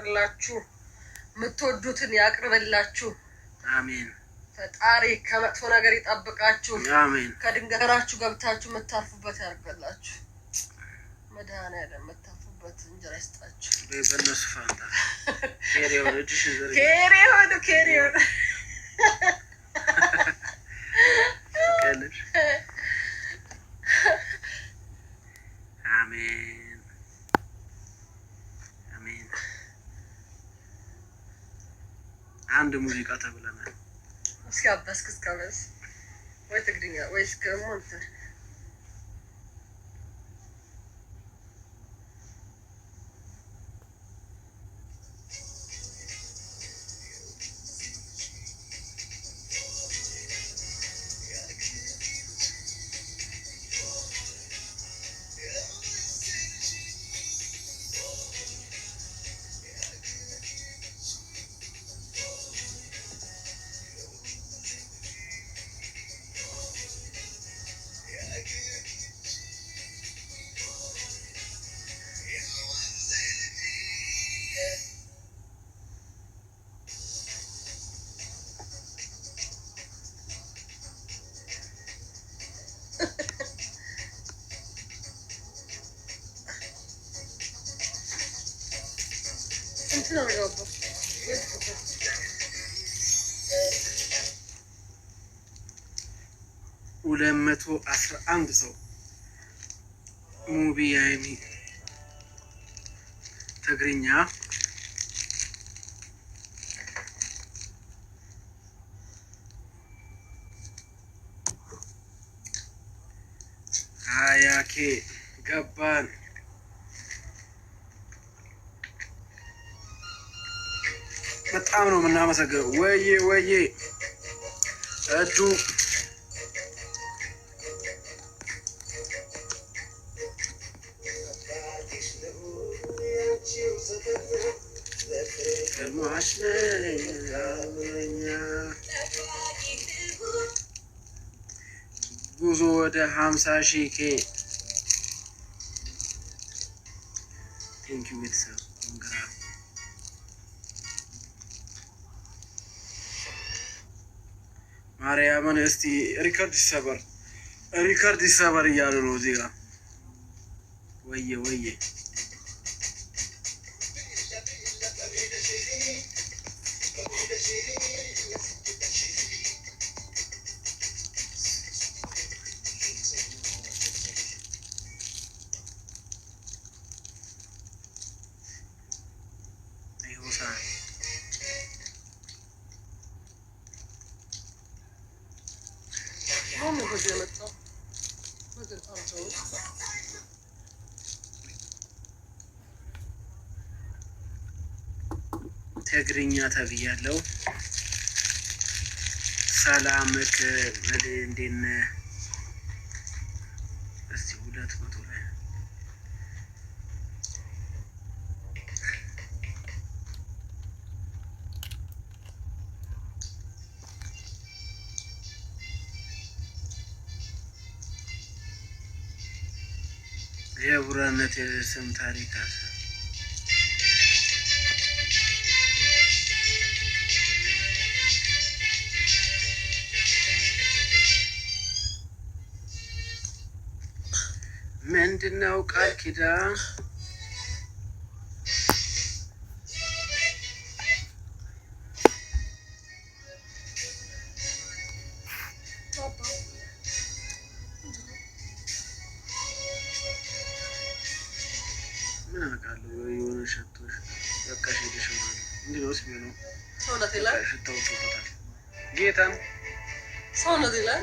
ያምጣላችሁ፣ የምትወዱትን ያቅርብላችሁ። አሜን። ፈጣሪ ከመጥፎ ነገር ይጠብቃችሁ። አሜን። ከድንገራችሁ ገብታችሁ የምታርፉበት ያርገላችሁ። መድኃኒዓለም የምታርፉበት እንጀራ ይስጣችሁ። በነሱ ፋንታ ኬሪ ሆኑ አሜን አንድ ሙዚቃ ተብለናል። እስኪ አባስ ክስካበስ ወይ ትግርኛ ወይ ነው የምገባው። ሁለት መቶ አስራ አንድ ሰው ሙቢ ትግርኛ ሀያ ኬ ገባን። በጣም ነው የምናመሰግነው። ወዬ ወዬ እዱ ጉዞ ወደ ሀምሳ ሺህ ኬ ቤተሰብ ማርያምን እስቲ ሪከርድ ይሰበር ሪከርድ ይሰበር እያሉ ነው እዚህ ጋር ወየ ወየ ተጉዞ የመጣው በእግር አምሰው ትግርኛ ተብያለው። ሰላምክ እንዴት ነህ? የቡራነት የስም ታሪክ አለ። ምንድነው ቃል ኪዳን የሆነ ሸቶች በቃ ሸደሽ ማለት እንዲህ ነው ስሜ ነው ሰውነት ይላል ሽታው ወጥቶታል። ጌታም ሰውነት ይላል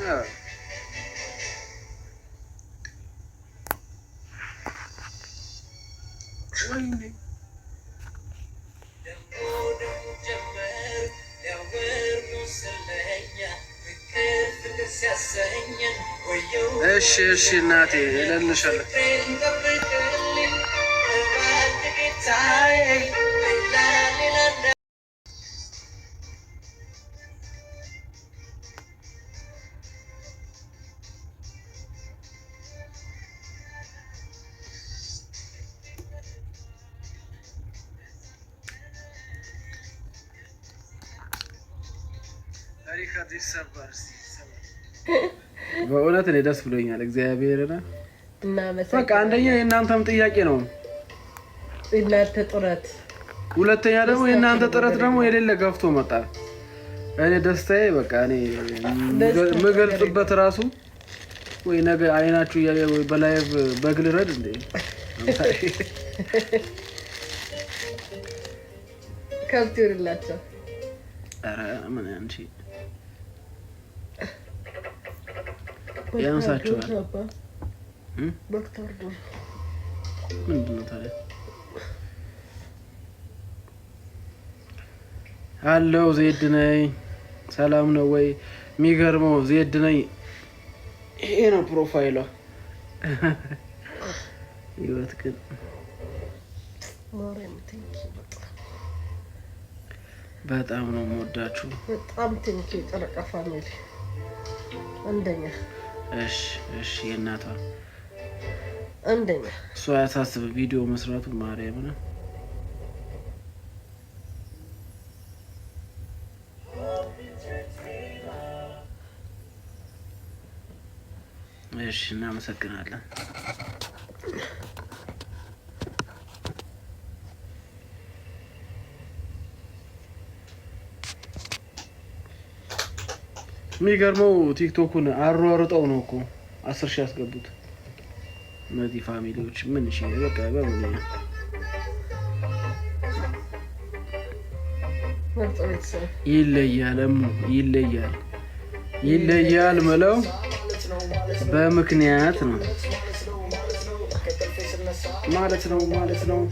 እሺ እሺ እናቴ እለልሻለሁ በእውነት እኔ ደስ ብሎኛል። እግዚአብሔርን በቃ አንደኛ የእናንተም ጥያቄ ነው፣ የእናንተ ጥረት፣ ሁለተኛ ደግሞ የእናንተ ጥረት ደግሞ የሌለ ገፍቶ መጣ። እኔ ደስታዬ በቃ እኔ የምገልጽበት ራሱ ወይ ነገ አይናችሁ እያየ ወይ በላይቭ በግል ረድ እንደ ከብት ይሆንላቸው ኧረ ምን አንቺ ያንሳችኋል። ምንድን ነው ታዲያ? አለው ዜድ ነኝ። ሰላም ነው ወይ? የሚገርመው ዜድ ነኝ። ይሄ ነው ፕሮፋይሏ። ህይወት ግን በጣም ነው የምወዳችሁ። በጣም ቴንኪ ጨረቃ ፋሚሊ አንደኛ እሺ እሺ፣ የእናቷ አንደኛ እሱ አያሳስብ። ቪዲዮ መስራቱ ማርያም ነው። እሺ፣ እናመሰግናለን። የሚገርመው ቲክቶኩን አሯርጠው ነው እኮ አስር ሺህ ያስገቡት እነዚህ ፋሚሊዎች። ምን ሺ በቃ ይለያል እሙ ይለያል ይለያል ምለው በምክንያት ነው ማለት ነው ማለት ነው